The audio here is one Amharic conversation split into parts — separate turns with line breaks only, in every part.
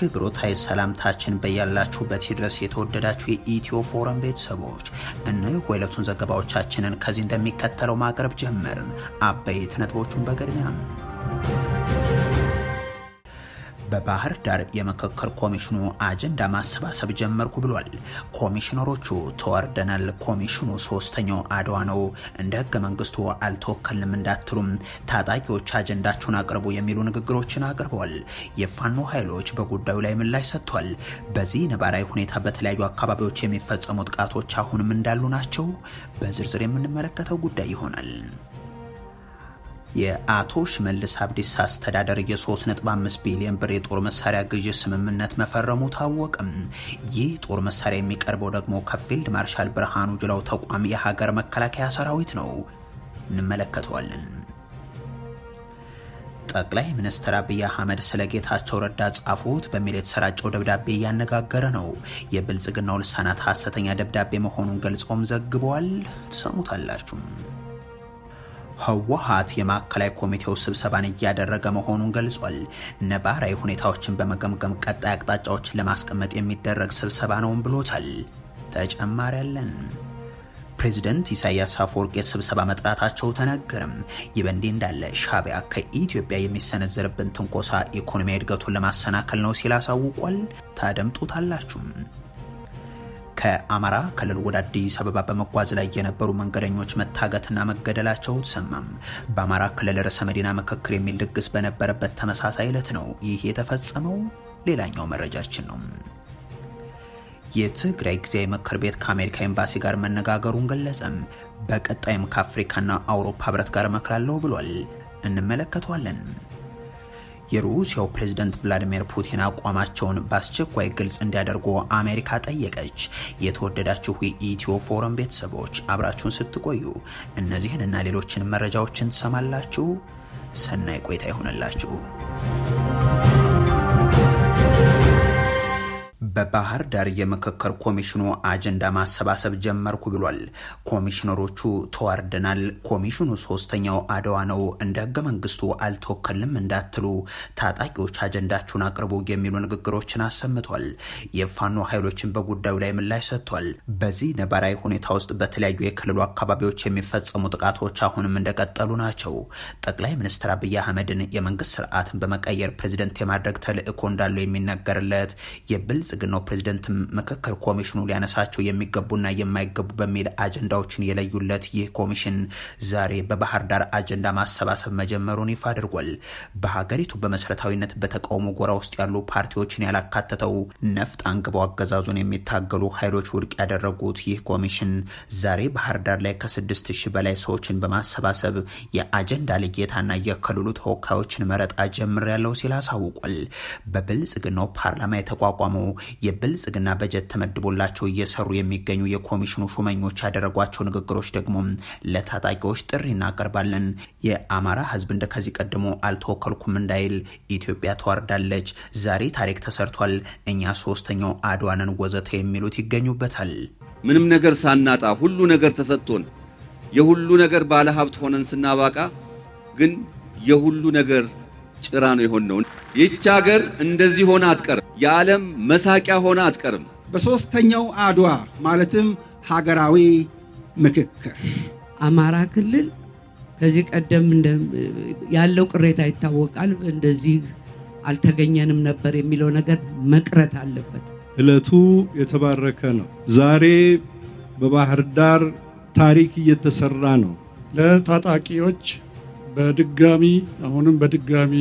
ክብሮታይ ሰላምታችን በያላችሁበት ይድረስ። የተወደዳችሁ የኢትዮ ፎረም ቤተሰቦች እነሆ ሁለቱን ዘገባዎቻችንን ከዚህ እንደሚከተለው ማቅረብ ጀመርን። አበይት ነጥቦቹን በቅድሚያ በባህር ዳር የምክክር ኮሚሽኑ አጀንዳ ማሰባሰብ ጀመርኩ ብሏል። ኮሚሽነሮቹ ተወርደናል፣ ኮሚሽኑ ሶስተኛው አድዋ ነው፣ እንደ ህገ መንግስቱ አልተወከልንም እንዳትሉም ታጣቂዎች አጀንዳችሁን አቅርቡ የሚሉ ንግግሮችን አቅርበዋል። የፋኖ ኃይሎች በጉዳዩ ላይ ምላሽ ሰጥቷል። በዚህ ነባራዊ ሁኔታ በተለያዩ አካባቢዎች የሚፈጸሙ ጥቃቶች አሁንም እንዳሉ ናቸው። በዝርዝር የምንመለከተው ጉዳይ ይሆናል። የአቶ ሽመልስ አብዲሳ አስተዳደር የ3.5 ቢሊዮን ብር የጦር መሳሪያ ግዢ ስምምነት መፈረሙ ታወቅም። ይህ ጦር መሳሪያ የሚቀርበው ደግሞ ከፊልድ ማርሻል ብርሃኑ ጁላው ተቋም የሀገር መከላከያ ሰራዊት ነው። እንመለከተዋለን። ጠቅላይ ሚኒስትር አብይ አህመድ ስለ ጌታቸው ረዳ ጻፉት በሚል የተሰራጨው ደብዳቤ እያነጋገረ ነው። የብልጽግናው ልሳናት ሀሰተኛ ደብዳቤ መሆኑን ገልጸውም ዘግበዋል። ትሰሙታላችሁም። ህወሓት የማዕከላዊ ኮሚቴው ስብሰባን እያደረገ መሆኑን ገልጿል። ነባራዊ ሁኔታዎችን በመገምገም ቀጣይ አቅጣጫዎችን ለማስቀመጥ የሚደረግ ስብሰባ ነውም ብሎታል። ተጨማሪ ያለን ፕሬዚደንት ኢሳያስ አፈወርቅ የስብሰባ መጥራታቸው ተነገርም። ይህ በእንዲህ እንዳለ ሻቢያ ከኢትዮጵያ የሚሰነዘርብን ትንኮሳ ኢኮኖሚያዊ እድገቱን ለማሰናከል ነው ሲል አሳውቋል። ታደምጡታላችሁም። ከአማራ ክልል ወደ አዲስ አበባ በመጓዝ ላይ የነበሩ መንገደኞች መታገትና መገደላቸው ተሰማም። በአማራ ክልል ርዕሰ መዲና ምክክር የሚል ድግስ በነበረበት ተመሳሳይ ዕለት ነው ይህ የተፈጸመው። ሌላኛው መረጃችን ነው። የትግራይ ጊዜያዊ ምክር ቤት ከአሜሪካ ኤምባሲ ጋር መነጋገሩን ገለጸም። በቀጣይም ከአፍሪካና አውሮፓ ህብረት ጋር እመክራለሁ ብሏል። እንመለከተዋለን። የሩሲያው ፕሬዝደንት ቭላዲሚር ፑቲን አቋማቸውን በአስቸኳይ ግልጽ እንዲያደርጉ አሜሪካ ጠየቀች። የተወደዳችሁ የኢትዮ ፎረም ቤተሰቦች አብራችሁን ስትቆዩ እነዚህን እና ሌሎችን መረጃዎችን ትሰማላችሁ። ሰናይ ቆይታ ይሆነላችሁ። በባህር ዳር የምክክር ኮሚሽኑ አጀንዳ ማሰባሰብ ጀመርኩ ብሏል። ኮሚሽነሮቹ ተዋርደናል፣ ኮሚሽኑ ሶስተኛው አድዋ ነው፣ እንደ ህገ መንግስቱ አልተወከልም እንዳትሉ፣ ታጣቂዎች አጀንዳችሁን አቅርቡ የሚሉ ንግግሮችን አሰምቷል። የፋኖ ኃይሎችን በጉዳዩ ላይ ምላሽ ሰጥቷል። በዚህ ነባራዊ ሁኔታ ውስጥ በተለያዩ የክልሉ አካባቢዎች የሚፈጸሙ ጥቃቶች አሁንም እንደቀጠሉ ናቸው። ጠቅላይ ሚኒስትር አብይ አህመድን የመንግስት ስርዓትን በመቀየር ፕሬዚደንት የማድረግ ተልእኮ እንዳለው የሚነገርለት የብልጽ የብልጽግናው ፕሬዚደንት ምክክር ኮሚሽኑ ሊያነሳቸው የሚገቡና የማይገቡ በሚል አጀንዳዎችን የለዩለት ይህ ኮሚሽን ዛሬ በባህር ዳር አጀንዳ ማሰባሰብ መጀመሩን ይፋ አድርጓል። በሀገሪቱ በመሰረታዊነት በተቃውሞ ጎራ ውስጥ ያሉ ፓርቲዎችን ያላካተተው ነፍጥ አንግበው አገዛዙን የሚታገሉ ኃይሎች ውድቅ ያደረጉት ይህ ኮሚሽን ዛሬ ባህር ዳር ላይ ከስድስት ሺህ በላይ ሰዎችን በማሰባሰብ የአጀንዳ ልጌታና የክልሉ ተወካዮችን መረጣ ጀምር ያለው ሲል አሳውቋል። በብልጽግናው ፓርላማ የተቋቋመው የብልጽግና በጀት ተመድቦላቸው እየሰሩ የሚገኙ የኮሚሽኑ ሹመኞች ያደረጓቸው ንግግሮች ደግሞ ለታጣቂዎች ጥሪ እናቀርባለን፣ የአማራ ህዝብ እንደ ከዚህ ቀድሞ አልተወከልኩም እንዳይል፣ ኢትዮጵያ ተዋርዳለች፣ ዛሬ ታሪክ ተሰርቷል፣ እኛ ሶስተኛው አድዋንን ወዘተ የሚሉት ይገኙበታል።
ምንም ነገር ሳናጣ ሁሉ ነገር ተሰጥቶን የሁሉ ነገር ባለሀብት ሆነን ስናባቃ ግን የሁሉ ነገር ጭራ ነው የሆን ነው። ይቺ ሀገር እንደዚህ ሆነ አትቀርም። የዓለም መሳቂያ ሆነ አትቀርም።
በሦስተኛው አድዋ ማለትም ሀገራዊ ምክክር
አማራ ክልል ከዚህ ቀደም ያለው ቅሬታ ይታወቃል። እንደዚህ አልተገኘንም ነበር የሚለው ነገር መቅረት አለበት።
እለቱ የተባረከ ነው። ዛሬ በባህር ዳር ታሪክ እየተሰራ ነው።
ለታጣቂዎች በድጋሚ አሁንም በድጋሚ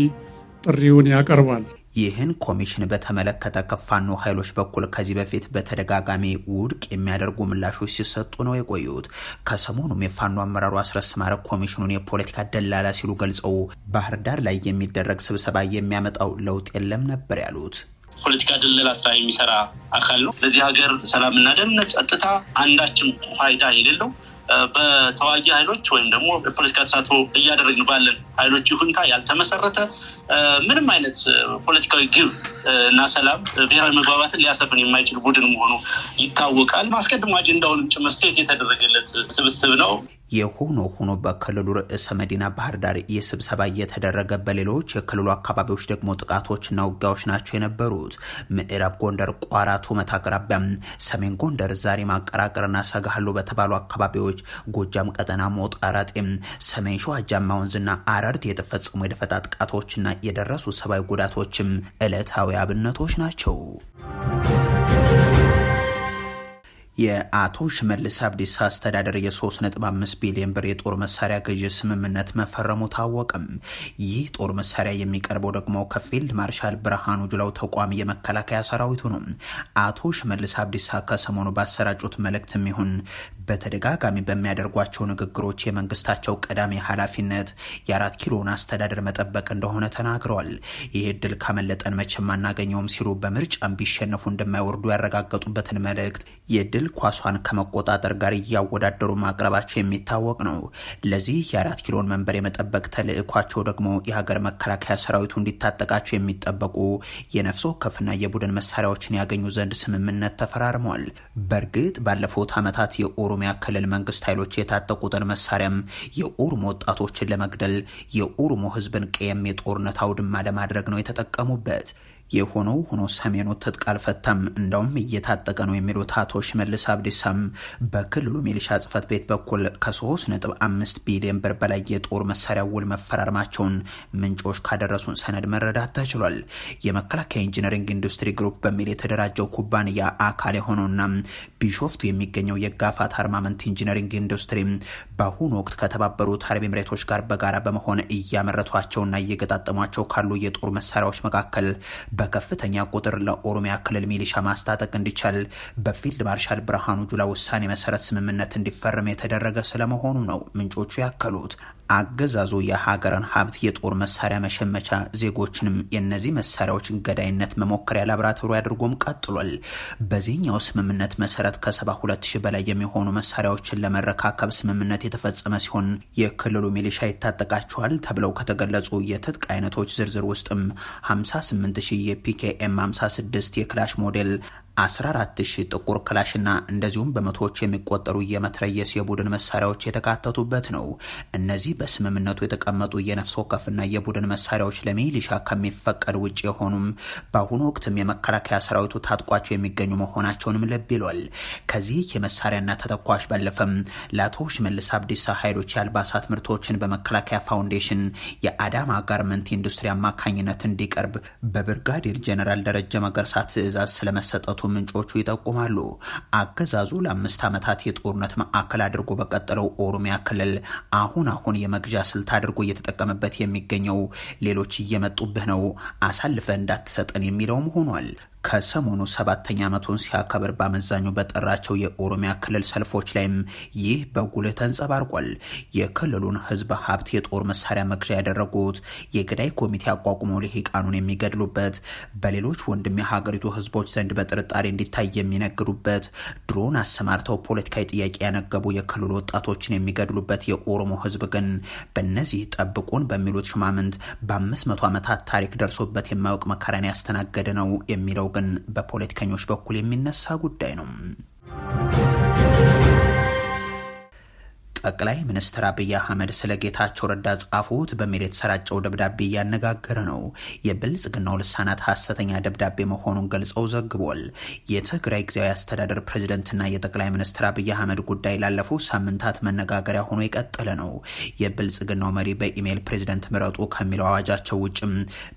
ጥሪውን ያቀርባል።
ይህን ኮሚሽን በተመለከተ ከፋኖ ኃይሎች በኩል ከዚህ በፊት በተደጋጋሚ ውድቅ የሚያደርጉ ምላሾች ሲሰጡ ነው የቆዩት። ከሰሞኑም የፋኖ አመራሩ አስረስ ማረ ኮሚሽኑን የፖለቲካ ደላላ ሲሉ ገልጸው ባህር ዳር ላይ የሚደረግ ስብሰባ የሚያመጣው ለውጥ የለም ነበር ያሉት።
ፖለቲካ ደለላ ስራ የሚሰራ አካል ነው። በዚህ ሀገር ሰላምና ደህንነት፣ ጸጥታ አንዳችም ፋይዳ የሌለው በተዋጊ ኃይሎች ወይም ደግሞ የፖለቲካ ተሳትፎ እያደረግን ባለን ኃይሎች ይሁንታ ያልተመሰረተ ምንም አይነት ፖለቲካዊ ግብ እና ሰላም ብሔራዊ መግባባትን ሊያሰፍን የማይችል ቡድን መሆኑ ይታወቃል። ማስቀድሞ አጀንዳውንም ጭምር ሴት የተደረገለት ስብስብ ነው።
የሆኖ ሆኖ በክልሉ ርዕሰ መዲና ባህር ዳር የስብሰባ እየተደረገ በሌሎች የክልሉ አካባቢዎች ደግሞ ጥቃቶችና ውጊያዎች ናቸው የነበሩት። ምዕራብ ጎንደር ቋራ ቱመት ሰሜን ጎንደር ዛሬ ማቀራቀርና ሰጋሉ በተባሉ አካባቢዎች፣ ጎጃም ቀጠና ሞጣ አራጤም፣ ሰሜን ሸዋ ጃማ ወንዝና አረርት የተፈጸሙ የደፈጣ ጥቃቶችና የደረሱ ሰብአዊ ጉዳቶችም ዕለታዊ አብነቶች ናቸው። የአቶ ሽመልስ አብዲሳ አስተዳደር የ3.5 ቢሊዮን ብር የጦር መሳሪያ ገዢ ስምምነት መፈረሙ ታወቀም። ይህ ጦር መሳሪያ የሚቀርበው ደግሞ ከፊልድ ማርሻል ብርሃኑ ጁላው ተቋም የመከላከያ ሰራዊቱ ነው። አቶ ሽመልስ አብዲሳ ከሰሞኑ ባሰራጩት መልእክትም ይሁን በተደጋጋሚ በሚያደርጓቸው ንግግሮች የመንግስታቸው ቀዳሚ ኃላፊነት የአራት ኪሎን አስተዳደር መጠበቅ እንደሆነ ተናግረዋል። ይህ እድል ካመለጠን መቼም አናገኘውም ሲሉ በምርጫም ቢሸነፉ እንደማይወርዱ ያረጋገጡበትን መልእክት የድል ኳሷን ከመቆጣጠር ጋር እያወዳደሩ ማቅረባቸው የሚታወቅ ነው። ለዚህ የአራት ኪሎን መንበር የመጠበቅ ተልእኳቸው ደግሞ የሀገር መከላከያ ሰራዊቱ እንዲታጠቃቸው የሚጠበቁ የነፍስ ወከፍና የቡድን መሳሪያዎችን ያገኙ ዘንድ ስምምነት ተፈራርሟል። በእርግጥ ባለፉት ዓመታት የኦሮ የኦሮሚያ ክልል መንግስት ኃይሎች የታጠቁትን መሳሪያም የኦሮሞ ወጣቶችን ለመግደል የኦሮሞ ህዝብን ቀየም የጦርነት አውድማ ለማድረግ ነው የተጠቀሙበት። የሆነው ሆኖ ሰሜኑ ትጥቅ አልፈታም እንደውም እየታጠቀ ነው የሚሉት አቶ ሽመልስ አብዲሳም በክልሉ ሚሊሻ ጽህፈት ቤት በኩል ከ3.5 ቢሊዮን ብር በላይ የጦር መሳሪያ ውል መፈራረማቸውን ምንጮች ካደረሱን ሰነድ መረዳት ተችሏል። የመከላከያ ኢንጂነሪንግ ኢንዱስትሪ ግሩፕ በሚል የተደራጀው ኩባንያ አካል የሆነውና ቢሾፍቱ የሚገኘው የጋፋት አርማመንት ኢንጂነሪንግ ኢንዱስትሪ በአሁኑ ወቅት ከተባበሩት አረብ ኤምሬቶች ጋር በጋራ በመሆን እያመረቷቸውና እየገጣጠሟቸው ካሉ የጦር መሳሪያዎች መካከል በከፍተኛ ቁጥር ለኦሮሚያ ክልል ሚሊሻ ማስታጠቅ እንዲቻል በፊልድ ማርሻል ብርሃኑ ጁላ ውሳኔ መሰረት ስምምነት እንዲፈርም የተደረገ ስለመሆኑ ነው ምንጮቹ ያከሉት። አገዛዙ የሀገርን ሀብት የጦር መሳሪያ መሸመቻ፣ ዜጎችንም የእነዚህ መሳሪያዎች ገዳይነት መሞከሪያ ላብራቶሪ አድርጎም ቀጥሏል። በዚህኛው ስምምነት መሰረት ከ72 ሺህ በላይ የሚሆኑ መሳሪያዎችን ለመረካከብ ስምምነት የተፈጸመ ሲሆን የክልሉ ሚሊሻ ይታጠቃቸዋል ተብለው ከተገለጹ የትጥቅ አይነቶች ዝርዝር ውስጥም 58 ሺህ የፒኬኤም 56 የክላሽ ሞዴል 14000 ጥቁር ክላሽና እንደዚሁም በመቶዎች የሚቆጠሩ የመትረየስ የቡድን መሳሪያዎች የተካተቱበት ነው። እነዚህ በስምምነቱ የተቀመጡ የነፍስ ወከፍና የቡድን መሳሪያዎች ለሚሊሻ ከሚፈቀድ ውጭ የሆኑም በአሁኑ ወቅትም የመከላከያ ሰራዊቱ ታጥቋቸው የሚገኙ መሆናቸውንም ልብ ይሏል። ከዚህ የመሳሪያና ተተኳሽ ባለፈም ለአቶ ሽመልስ አብዲሳ ኃይሎች የአልባሳት ምርቶችን በመከላከያ ፋውንዴሽን የአዳማ ጋርመንት ኢንዱስትሪ አማካኝነት እንዲቀርብ በብርጋዴር ጀነራል ደረጀ መገርሳ ትእዛዝ ስለመሰጠቱ ምንጮቹ ይጠቁማሉ። አገዛዙ ለአምስት ዓመታት የጦርነት ማዕከል አድርጎ በቀጠለው ኦሮሚያ ክልል አሁን አሁን የመግዣ ስልት አድርጎ እየተጠቀመበት የሚገኘው ሌሎች እየመጡብህ ነው አሳልፈ እንዳትሰጠን የሚለውም ሆኗል። ከሰሞኑ ሰባተኛ ዓመቱን ሲያከብር በአመዛኙ በጠራቸው የኦሮሚያ ክልል ሰልፎች ላይም ይህ በጉልህ ተንጸባርቋል። የክልሉን ህዝብ ሀብት የጦር መሳሪያ መግዣ ያደረጉት የገዳይ ኮሚቴ አቋቁመው ልሂቃኑን የሚገድሉበት፣ በሌሎች ወንድም የሀገሪቱ ህዝቦች ዘንድ በጥርጣሬ እንዲታይ የሚነግዱበት፣ ድሮን አሰማርተው ፖለቲካዊ ጥያቄ ያነገቡ የክልሉ ወጣቶችን የሚገድሉበት የኦሮሞ ህዝብ ግን በእነዚህ ጠብቁን በሚሉት ሹማምንት በአምስት መቶ ዓመታት ታሪክ ደርሶበት የማያውቅ መከራን ያስተናገደ ነው የሚለው ግን በፖለቲከኞች በኩል የሚነሳ ጉዳይ ነው። ጠቅላይ ሚኒስትር አብይ አህመድ ስለ ጌታቸው ረዳ ጻፉት በሚል የተሰራጨው ደብዳቤ እያነጋገረ ነው። የብልጽግናው ልሳናት ሀሰተኛ ደብዳቤ መሆኑን ገልጸው ዘግቧል። የትግራይ ጊዜያዊ አስተዳደር ፕሬዝደንትና የጠቅላይ ሚኒስትር አብይ አህመድ ጉዳይ ላለፉ ሳምንታት መነጋገሪያ ሆኖ የቀጠለ ነው። የብልጽግናው መሪ በኢሜይል ፕሬዝደንት ምረጡ ከሚለው አዋጃቸው ውጭም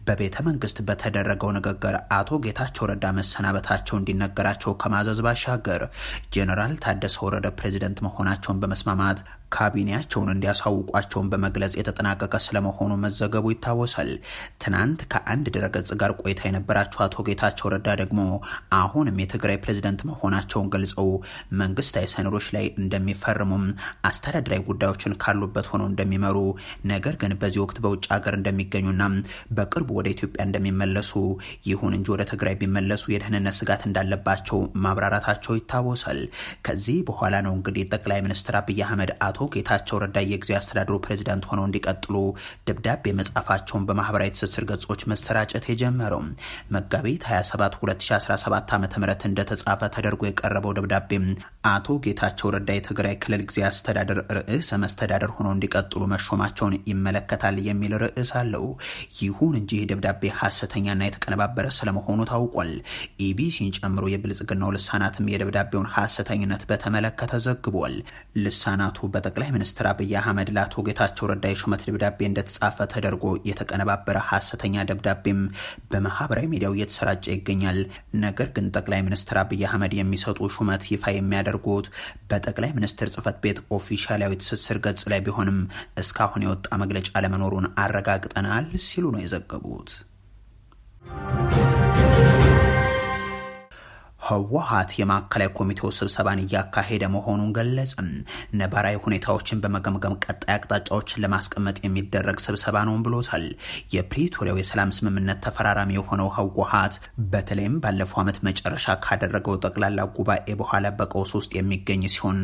በቤተ መንግስት በተደረገው ንግግር አቶ ጌታቸው ረዳ መሰናበታቸው እንዲነገራቸው ከማዘዝ ባሻገር ጄኔራል ታደሰ ወረደ ፕሬዝደንት መሆናቸውን በመስማማት ካቢኔያቸውን እንዲያሳውቋቸውን በመግለጽ የተጠናቀቀ ስለመሆኑ መዘገቡ ይታወሳል። ትናንት ከአንድ ድረገጽ ጋር ቆይታ የነበራቸው አቶ ጌታቸው ረዳ ደግሞ አሁንም የትግራይ ፕሬዝደንት መሆናቸውን ገልጸው መንግስታዊ ሰነዶች ላይ እንደሚፈርሙም አስተዳደራዊ ጉዳዮችን ካሉበት ሆነው እንደሚመሩ ነገር ግን በዚህ ወቅት በውጭ ሀገር እንደሚገኙና በቅርቡ ወደ ኢትዮጵያ እንደሚመለሱ ይሁን እንጂ ወደ ትግራይ ቢመለሱ የደህንነት ስጋት እንዳለባቸው ማብራራታቸው ይታወሳል። ከዚህ በኋላ ነው እንግዲህ ጠቅላይ ሚኒስትር አብይ አህመድ አቶ አቶ ጌታቸው ረዳ የጊዜ አስተዳደሩ ፕሬዚዳንት ሆነው እንዲቀጥሉ ደብዳቤ መጻፋቸውን በማህበራዊ ትስስር ገጾች መሰራጨት የጀመረው መጋቢት 27 2017 ዓ ም እንደተጻፈ ተደርጎ የቀረበው ደብዳቤም አቶ ጌታቸው ረዳ የትግራይ ክልል ጊዜ አስተዳደር ርዕሰ መስተዳደር ሆነው እንዲቀጥሉ መሾማቸውን ይመለከታል የሚል ርዕስ አለው። ይሁን እንጂ ይህ ደብዳቤ ሀሰተኛና የተቀነባበረ ስለመሆኑ ታውቋል። ኢቢሲን ጨምሮ የብልጽግናው ልሳናትም የደብዳቤውን ሀሰተኝነት በተመለከተ ዘግቧል። ልሳናቱ በጠቅላይ ሚኒስትር አብይ አህመድ ለአቶ ጌታቸው ረዳ የሹመት ደብዳቤ እንደተጻፈ ተደርጎ የተቀነባበረ ሀሰተኛ ደብዳቤም በማህበራዊ ሚዲያው እየተሰራጨ ይገኛል። ነገር ግን ጠቅላይ ሚኒስትር አብይ አህመድ የሚሰጡ ሹመት ይፋ የሚያደርግ የሚያደርጉት በጠቅላይ ሚኒስትር ጽህፈት ቤት ኦፊሻላዊ ትስስር ገጽ ላይ ቢሆንም እስካሁን የወጣ መግለጫ ለመኖሩን አረጋግጠናል ሲሉ ነው የዘገቡት። ህወሀት የማዕከላዊ ኮሚቴው ስብሰባን እያካሄደ መሆኑን ገለጽም። ነባራዊ ሁኔታዎችን በመገምገም ቀጣይ አቅጣጫዎችን ለማስቀመጥ የሚደረግ ስብሰባ ነውም ብሎታል። የፕሪቶሪያው የሰላም ስምምነት ተፈራራሚ የሆነው ህወሀት በተለይም ባለፈው ዓመት መጨረሻ ካደረገው ጠቅላላ ጉባኤ በኋላ በቀውስ ውስጥ የሚገኝ ሲሆን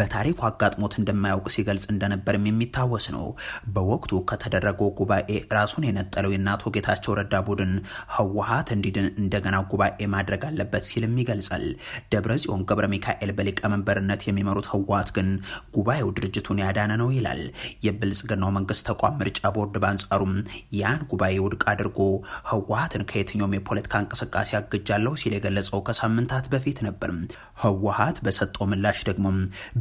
በታሪኩ አጋጥሞት እንደማያውቅ ሲገልጽ እንደነበርም የሚታወስ ነው። በወቅቱ ከተደረገው ጉባኤ ራሱን የነጠለው የእነ ጌታቸው ረዳ ቡድን ህወሀት እንዲድን እንደገና ጉባኤ ማድረግ አለበት ሲልም ይገልጻል። ደብረ ጽዮን ገብረ ሚካኤል በሊቀመንበርነት የሚመሩት ህወሓት ግን ጉባኤው ድርጅቱን ያዳነ ነው ይላል። የብልጽግናው መንግስት ተቋም ምርጫ ቦርድ በአንጻሩም ያን ጉባኤ ውድቅ አድርጎ ህወሓትን ከየትኛውም የፖለቲካ እንቅስቃሴ አግጃለሁ ሲል የገለጸው ከሳምንታት በፊት ነበር። ህወሓት በሰጠው ምላሽ ደግሞ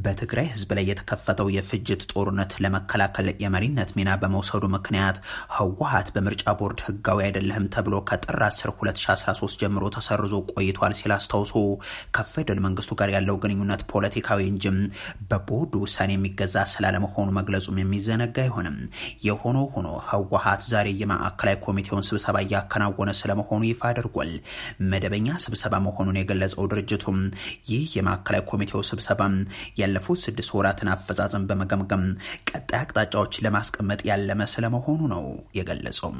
በትግራይ ህዝብ ላይ የተከፈተው የፍጅት ጦርነት ለመከላከል የመሪነት ሚና በመውሰዱ ምክንያት ህወሓት በምርጫ ቦርድ ህጋዊ አይደለህም ተብሎ ከጥር 10 2013 ጀምሮ ተሰርዞ ቆይቷል ሲል አስታውሶ ከፌደራል መንግስቱ ጋር ያለው ግንኙነት ፖለቲካዊ እንጂም በቦርዱ ውሳኔ የሚገዛ ስላለመሆኑ መግለጹም የሚዘነጋ አይሆንም። የሆኖ ሆኖ ህወሀት ዛሬ የማዕከላዊ ኮሚቴውን ስብሰባ እያከናወነ ስለመሆኑ ይፋ አድርጓል። መደበኛ ስብሰባ መሆኑን የገለጸው ድርጅቱም ይህ የማዕከላዊ ኮሚቴው ስብሰባ ያለፉት ስድስት ወራትን አፈጻጸም በመገምገም ቀጣይ አቅጣጫዎች ለማስቀመጥ ያለመ ስለመሆኑ ነው የገለጸው።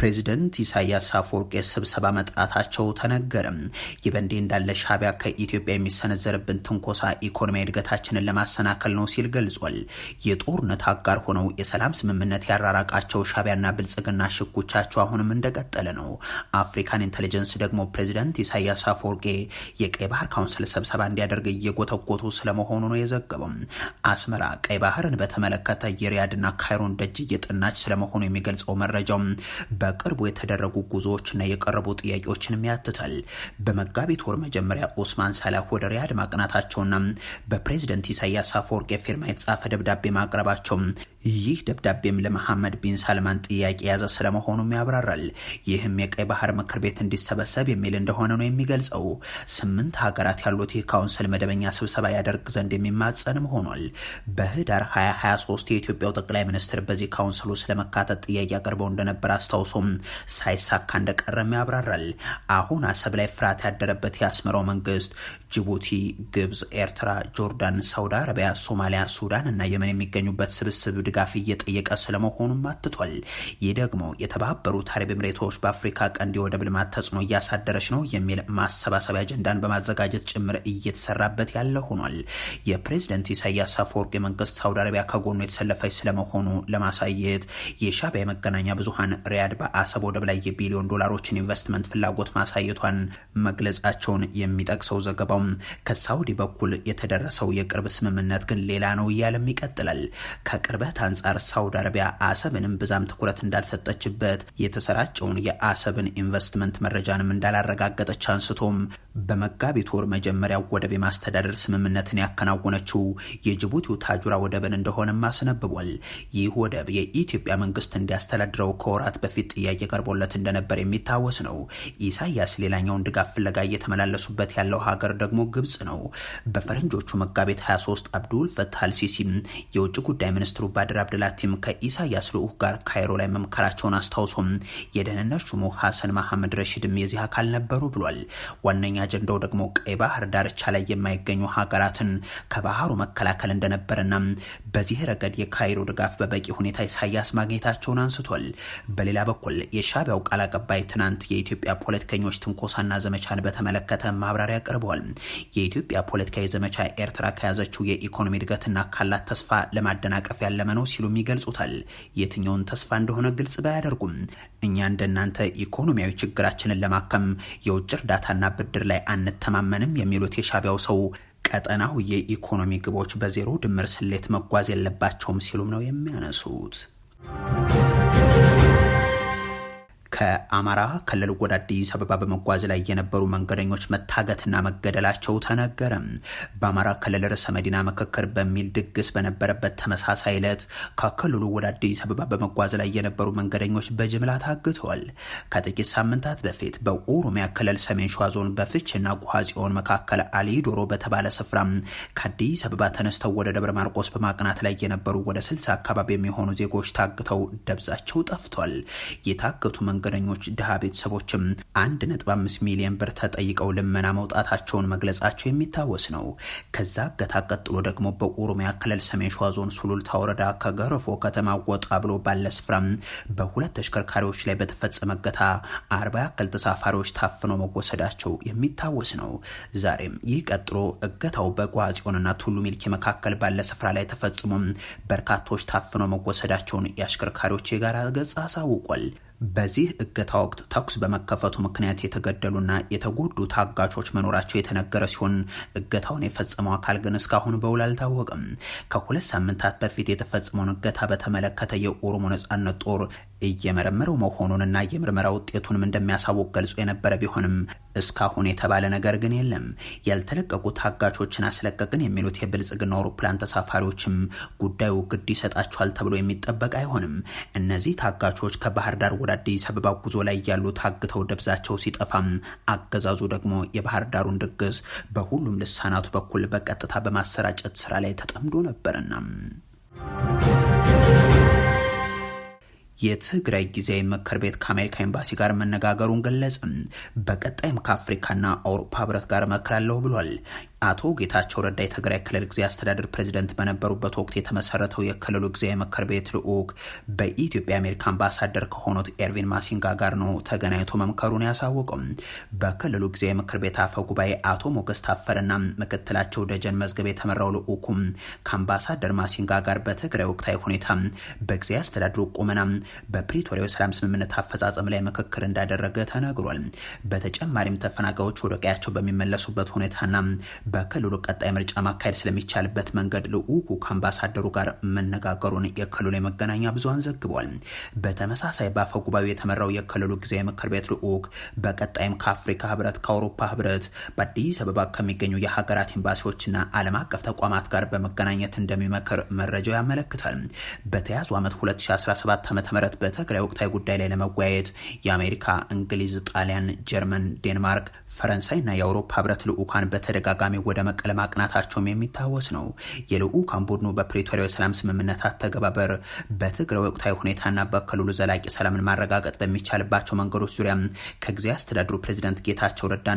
ፕሬዚደንት ኢሳያስ አፈወርቂ ስብሰባ መጥራታቸው ተነገረም። ይህ በእንዲህ እንዳለ ሻቢያ ከኢትዮጵያ የሚሰነዘርብን ትንኮሳ ኢኮኖሚያዊ እድገታችንን ለማሰናከል ነው ሲል ገልጿል። የጦርነት አጋር ሆነው የሰላም ስምምነት ያራራቃቸው ሻቢያና ብልጽግና ሽኩቻቸው አሁንም እንደቀጠለ ነው። አፍሪካን ኢንቴሊጀንስ ደግሞ ፕሬዚደንት ኢሳያስ አፈወርቄ የቀይ ባህር ካውንስል ስብሰባ እንዲያደርግ እየጎተጎቱ ስለመሆኑ ነው የዘገበው። አስመራ ቀይ ባህርን በተመለከተ የሪያድና ካይሮን ደጅ እየጠናች ስለመሆኑ የሚገልጸው መረጃው በቅርቡ የተደረጉ ጉዞዎችና የቀረቡ ጥያቄዎችንም ያትታል። በመጋቢት ወር መጀመሪያ ኦስማን ሳላህ ወደ ሪያድ ማቅናታቸውና በፕሬዝደንት ኢሳያስ አፈወርቂ ፊርማ የተጻፈ ደብዳቤ ማቅረባቸው ይህ ደብዳቤም ለመሐመድ ቢን ሳልማን ጥያቄ የያዘ ስለመሆኑም ያብራራል። ይህም የቀይ ባህር ምክር ቤት እንዲሰበሰብ የሚል እንደሆነ ነው የሚገልጸው። ስምንት ሀገራት ያሉት ይህ ካውንስል መደበኛ ስብሰባ ያደርግ ዘንድ የሚማጸንም ሆኗል። በህዳር 2023 የኢትዮጵያው ጠቅላይ ሚኒስትር በዚህ ካውንስሉ ለመካተት ጥያቄ አቅርበው እንደነበር አስታውሶ ተሳክቶም ሳይሳካ እንደቀረም ያብራራል። አሁን አሰብ ላይ ፍርሃት ያደረበት የአስመራው መንግስት ጅቡቲ፣ ግብጽ፣ ኤርትራ፣ ጆርዳን፣ ሳውዲ አረቢያ፣ ሶማሊያ፣ ሱዳን እና የመን የሚገኙበት ስብስብ ድጋፍ እየጠየቀ ስለመሆኑም አትቷል። ይህ ደግሞ የተባበሩት አረብ ኤምሬቶች በአፍሪካ ቀንድ የወደብ ልማት ተጽዕኖ እያሳደረች ነው የሚል ማሰባሰቢያ አጀንዳን በማዘጋጀት ጭምር እየተሰራበት ያለ ሆኗል። የፕሬዝደንት ኢሳያስ አፈወርቂ መንግስት ሳውዲ አረቢያ ከጎኑ የተሰለፈች ስለመሆኑ ለማሳየት የሻቢያ የመገናኛ ብዙሀን ሪያድ አሰብ ወደብ ላይ የቢሊዮን ዶላሮችን ኢንቨስትመንት ፍላጎት ማሳየቷን መግለጻቸውን የሚጠቅሰው ዘገባው ከሳውዲ በኩል የተደረሰው የቅርብ ስምምነት ግን ሌላ ነው እያለም ይቀጥላል። ከቅርበት አንጻር ሳውዲ አረቢያ አሰብንም ብዛም ትኩረት እንዳልሰጠችበት የተሰራጨውን የአሰብን ኢንቨስትመንት መረጃንም እንዳላረጋገጠች አንስቶም በመጋቢት ወር መጀመሪያ ወደብ የማስተዳደር ስምምነትን ያከናወነችው የጅቡቲው ታጁራ ወደብን እንደሆነም አስነብቧል። ይህ ወደብ የኢትዮጵያ መንግስት እንዲያስተዳድረው ከወራት በፊት ጥያቄ ቀርቦለት እንደነበር የሚታወስ ነው። ኢሳያስ ሌላኛውን ድጋፍ ፍለጋ እየተመላለሱበት ያለው ሀገር ደግሞ ግብጽ ነው። በፈረንጆቹ መጋቢት 23 አብዱል ፈታህ አልሲሲም የውጭ ጉዳይ ሚኒስትሩ ባድር አብድላቲም ከኢሳያስ ልዑክ ጋር ካይሮ ላይ መምከራቸውን አስታውሶም የደህንነት ሹሙ ሐሰን መሐመድ ረሽድም የዚህ አካል ነበሩ ብሏል። ዋነኛ አጀንዳው ደግሞ ቀይ ባህር ዳርቻ ላይ የማይገኙ ሀገራትን ከባህሩ መከላከል እንደነበረና በዚህ ረገድ የካይሮ ድጋፍ በበቂ ሁኔታ ኢሳያስ ማግኘታቸውን አንስቷል። በሌላ በኩል በኩል የሻቢያው ቃል አቀባይ ትናንት የኢትዮጵያ ፖለቲከኞች ትንኮሳና ዘመቻን በተመለከተ ማብራሪያ ቀርበዋል። የኢትዮጵያ ፖለቲካዊ ዘመቻ ኤርትራ ከያዘችው የኢኮኖሚ እድገትና ካላት ተስፋ ለማደናቀፍ ያለመ ነው ሲሉም ይገልጹታል። የትኛውን ተስፋ እንደሆነ ግልጽ ባያደርጉም እኛ እንደናንተ ኢኮኖሚያዊ ችግራችንን ለማከም የውጭ እርዳታና ብድር ላይ አንተማመንም የሚሉት የሻቢያው ሰው ቀጠናው የኢኮኖሚ ግቦች በዜሮ ድምር ስሌት መጓዝ የለባቸውም ሲሉም ነው የሚያነሱት። ከአማራ ክልል ወደ አዲስ አበባ በመጓዝ ላይ የነበሩ መንገደኞች መታገትና መገደላቸው ተነገረ። በአማራ ክልል ርዕሰ መዲና ምክክር በሚል ድግስ በነበረበት ተመሳሳይ ዕለት ከክልሉ ወደ አዲስ አበባ በመጓዝ ላይ የነበሩ መንገደኞች በጅምላ ታግተዋል። ከጥቂት ሳምንታት በፊት በኦሮሚያ ክልል ሰሜን ሸዋ ዞን በፍቼና ጉሃ ጽዮን መካከል አሊ ዶሮ በተባለ ስፍራ ከአዲስ አበባ ተነስተው ወደ ደብረ ማርቆስ በማቅናት ላይ የነበሩ ወደ ስልሳ አካባቢ የሚሆኑ ዜጎች ታግተው ደብዛቸው ጠፍቷል። የታገቱ መንገ ችግረኞች ድሃ ቤተሰቦችም 1.5 ሚሊዮን ብር ተጠይቀው ልመና መውጣታቸውን መግለጻቸው የሚታወስ ነው። ከዛ እገታ ቀጥሎ ደግሞ በኦሮሚያ ክልል ሰሜን ሸዋ ዞን ሱሉልታ ወረዳ ከገረፎ ከተማ ወጣ ብሎ ባለ ስፍራ በሁለት ተሽከርካሪዎች ላይ በተፈጸመ እገታ አርባ ያክል ተሳፋሪዎች ታፍኖ መወሰዳቸው የሚታወስ ነው። ዛሬም ይህ ቀጥሎ እገታው በጓጽዮንና ቱሉ ሚልኪ መካከል ባለ ስፍራ ላይ ተፈጽሞም በርካቶች ታፍኖ መወሰዳቸውን የአሽከርካሪዎች የጋራ ገጽ አሳውቋል። በዚህ እገታ ወቅት ተኩስ በመከፈቱ ምክንያት የተገደሉና የተጎዱ ታጋቾች መኖራቸው የተነገረ ሲሆን እገታውን የፈጸመው አካል ግን እስካሁን በውል አልታወቅም። ከሁለት ሳምንታት በፊት የተፈጸመውን እገታ በተመለከተ የኦሮሞ ነጻነት ጦር እየመረመረው መሆኑንና የምርመራ ውጤቱንም እንደሚያሳውቅ ገልጾ የነበረ ቢሆንም እስካሁን የተባለ ነገር ግን የለም። ያልተለቀቁ ታጋቾችን አስለቀቅን የሚሉት የብልጽግና አውሮፕላን ተሳፋሪዎችም ጉዳዩ ግድ ይሰጣቸዋል ተብሎ የሚጠበቅ አይሆንም። እነዚህ ታጋቾች ከባህር ዳር ወደ አዲስ አበባ ጉዞ ላይ ያሉ ታግተው ደብዛቸው ሲጠፋም፣ አገዛዙ ደግሞ የባህር ዳሩን ድግስ በሁሉም ልሳናቱ በኩል በቀጥታ በማሰራጨት ስራ ላይ ተጠምዶ ነበርና የትግራይ ጊዜያዊ ምክር ቤት ከአሜሪካ ኤምባሲ ጋር መነጋገሩን ገለጽ በቀጣይም ከአፍሪካና አውሮፓ ህብረት ጋር እመክራለሁ ብሏል። አቶ ጌታቸው ረዳ የትግራይ ክልል ጊዜ አስተዳደር ፕሬዚደንት በነበሩበት ወቅት የተመሰረተው የክልሉ ጊዜያዊ ምክር ቤት ልዑክ በኢትዮጵያ አሜሪካ አምባሳደር ከሆኑት ኤርቪን ማሲንጋ ጋር ነው ተገናኝቶ መምከሩን ያሳወቁም። በክልሉ ጊዜያዊ ምክር ቤት አፈ ጉባኤ አቶ ሞገስ ታፈርና ምክትላቸው ደጀን መዝገብ የተመራው ልዑኩም ከአምባሳደር ማሲንጋ ጋር በትግራይ ወቅታዊ ሁኔታ በጊዜያዊ አስተዳደሩ ቁመና በፕሪቶሪያው ሰላም ስምምነት አፈጻጸም ላይ ምክክር እንዳደረገ ተናግሯል። በተጨማሪም ተፈናቃዮች ወደ ቀያቸው በሚመለሱበት ሁኔታና በክልሉ ቀጣይ ምርጫ ማካሄድ ስለሚቻልበት መንገድ ልዑኩ ከአምባሳደሩ ጋር መነጋገሩን የክልሉ የመገናኛ ብዙኃን ዘግቧል። በተመሳሳይ በአፈ ጉባኤው የተመራው የክልሉ ጊዜያዊ ምክር ቤት ልዑክ በቀጣይም ከአፍሪካ ህብረት፣ ከአውሮፓ ህብረት፣ በአዲስ አበባ ከሚገኙ የሀገራት ኤምባሲዎችና ዓለም አቀፍ ተቋማት ጋር በመገናኘት እንደሚመክር መረጃው ያመለክታል። በተያዙ ዓመት 2017 ዓ.ም በመመረት በትግራይ ወቅታዊ ጉዳይ ላይ ለመወያየት የአሜሪካ፣ እንግሊዝ፣ ጣሊያን፣ ጀርመን፣ ዴንማርክ፣ ፈረንሳይና የአውሮፓ ህብረት ልዑካን በተደጋጋሚ ወደ መቀለ ማቅናታቸውም የሚታወስ ነው። የልዑካን ቡድኑ በፕሬቶሪያ የሰላም ስምምነት አተገባበር በትግራይ ወቅታዊ ሁኔታና በክልሉ ዘላቂ ሰላምን ማረጋገጥ በሚቻልባቸው መንገዶች ዙሪያ ከጊዜ አስተዳድሩ ፕሬዚደንት ጌታቸው ረዳና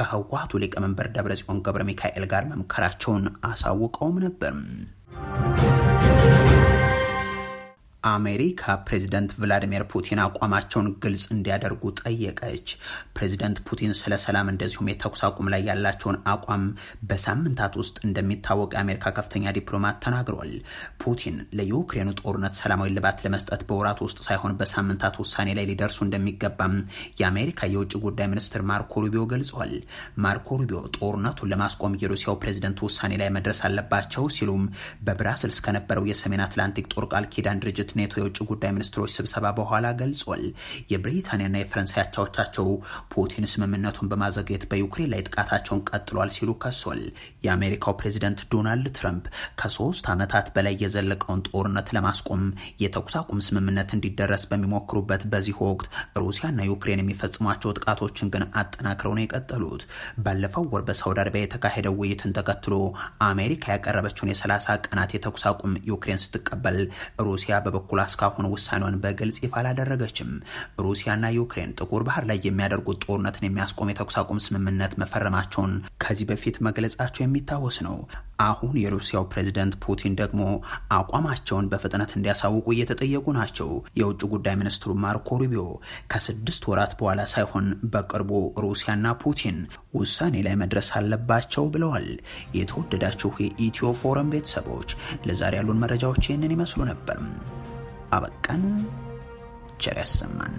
ከህወሀቱ ሊቀመንበር ደብረጽዮን ገብረ ሚካኤል ጋር መምከራቸውን አሳውቀውም ነበር። አሜሪካ ፕሬዚደንት ቭላዲሚር ፑቲን አቋማቸውን ግልጽ እንዲያደርጉ ጠየቀች። ፕሬዚደንት ፑቲን ስለ ሰላም እንደዚሁም የተኩስ አቁም ላይ ያላቸውን አቋም በሳምንታት ውስጥ እንደሚታወቅ የአሜሪካ ከፍተኛ ዲፕሎማት ተናግሯል። ፑቲን ለዩክሬኑ ጦርነት ሰላማዊ ልባት ለመስጠት በወራት ውስጥ ሳይሆን በሳምንታት ውሳኔ ላይ ሊደርሱ እንደሚገባም የአሜሪካ የውጭ ጉዳይ ሚኒስትር ማርኮ ሩቢዮ ገልጿል። ማርኮ ሩቢዮ ጦርነቱን ለማስቆም የሩሲያው ፕሬዚደንት ውሳኔ ላይ መድረስ አለባቸው ሲሉም በብራስልስ ከነበረው የሰሜን አትላንቲክ ጦር ቃል ኪዳን ድርጅት ካካሄዱት ኔቶ የውጭ ጉዳይ ሚኒስትሮች ስብሰባ በኋላ ገልጿል። የብሪታንያና የፈረንሳይ አቻዎቻቸው ፑቲን ስምምነቱን በማዘግየት በዩክሬን ላይ ጥቃታቸውን ቀጥሏል ሲሉ ከሷል። የአሜሪካው ፕሬዚደንት ዶናልድ ትራምፕ ከሶስት ዓመታት በላይ የዘለቀውን ጦርነት ለማስቆም የተኩስ አቁም ስምምነት እንዲደረስ በሚሞክሩበት በዚህ ወቅት ሩሲያና ዩክሬን የሚፈጽሟቸው ጥቃቶችን ግን አጠናክረው ነው የቀጠሉት። ባለፈው ወር በሳውዲ አረቢያ የተካሄደው ውይይትን ተከትሎ አሜሪካ ያቀረበችውን የ30 ቀናት የተኩስ አቁም ዩክሬን ስትቀበል ሩሲያ በበ በኩል እስካሁን ውሳኔውን በግልጽ ይፋ አላደረገችም። ሩሲያና ዩክሬን ጥቁር ባህር ላይ የሚያደርጉት ጦርነትን የሚያስቆም የተኩስ አቁም ስምምነት መፈረማቸውን ከዚህ በፊት መግለጻቸው የሚታወስ ነው። አሁን የሩሲያው ፕሬዝደንት ፑቲን ደግሞ አቋማቸውን በፍጥነት እንዲያሳውቁ እየተጠየቁ ናቸው። የውጭ ጉዳይ ሚኒስትሩ ማርኮ ሩቢዮ ከስድስት ወራት በኋላ ሳይሆን በቅርቡ ሩሲያና ፑቲን ውሳኔ ላይ መድረስ አለባቸው ብለዋል። የተወደዳችሁ የኢትዮ ፎረም ቤተሰቦች ለዛሬ ያሉን መረጃዎች ይህንን ይመስሉ ነበር። አበቃን። ቸር ያሰማን።